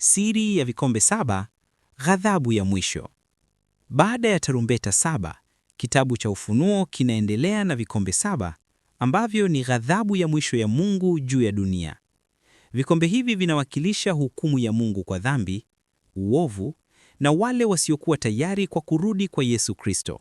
Siri ya vikombe saba, ghadhabu ya mwisho. Baada ya tarumbeta saba, kitabu cha Ufunuo kinaendelea na vikombe saba ambavyo ni ghadhabu ya mwisho ya Mungu juu ya dunia. Vikombe hivi vinawakilisha hukumu ya Mungu kwa dhambi, uovu na wale wasiokuwa tayari kwa kurudi kwa Yesu Kristo.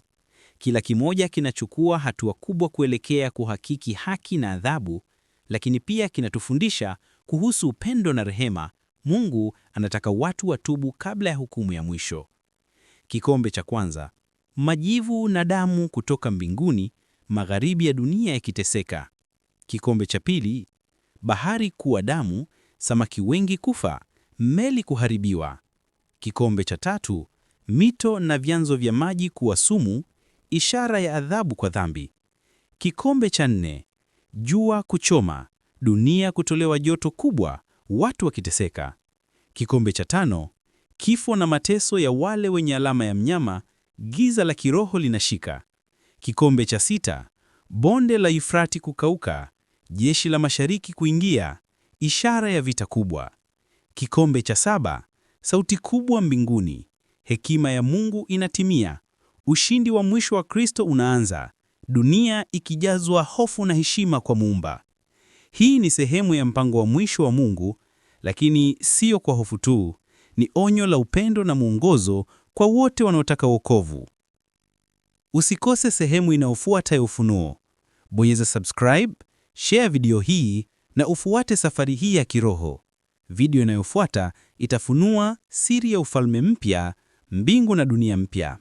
Kila kimoja kinachukua hatua kubwa kuelekea kuhakiki haki na adhabu, lakini pia kinatufundisha kuhusu upendo na rehema Mungu anataka watu watubu kabla ya hukumu ya mwisho. Kikombe cha kwanza: majivu na damu kutoka mbinguni, magharibi ya dunia yakiteseka. Kikombe cha pili: bahari kuwa damu, samaki wengi kufa, meli kuharibiwa. Kikombe cha tatu: mito na vyanzo vya maji kuwa sumu, ishara ya adhabu kwa dhambi. Kikombe cha nne: jua kuchoma, dunia kutolewa joto kubwa, watu wakiteseka. Kikombe cha tano, kifo na mateso ya wale wenye alama ya mnyama, giza la kiroho linashika. Kikombe cha sita, bonde la Ifrati kukauka, jeshi la mashariki kuingia, ishara ya vita kubwa. Kikombe cha saba, sauti kubwa mbinguni, hekima ya Mungu inatimia, ushindi wa mwisho wa Kristo unaanza, dunia ikijazwa hofu na heshima kwa Muumba. Hii ni sehemu ya mpango wa mwisho wa Mungu, lakini siyo kwa hofu tu, ni onyo la upendo na mwongozo kwa wote wanaotaka wokovu. Usikose sehemu inayofuata ya Ufunuo. Bonyeza subscribe, share video hii na ufuate safari hii ya kiroho. Video inayofuata itafunua siri ya ufalme mpya, mbingu na dunia mpya.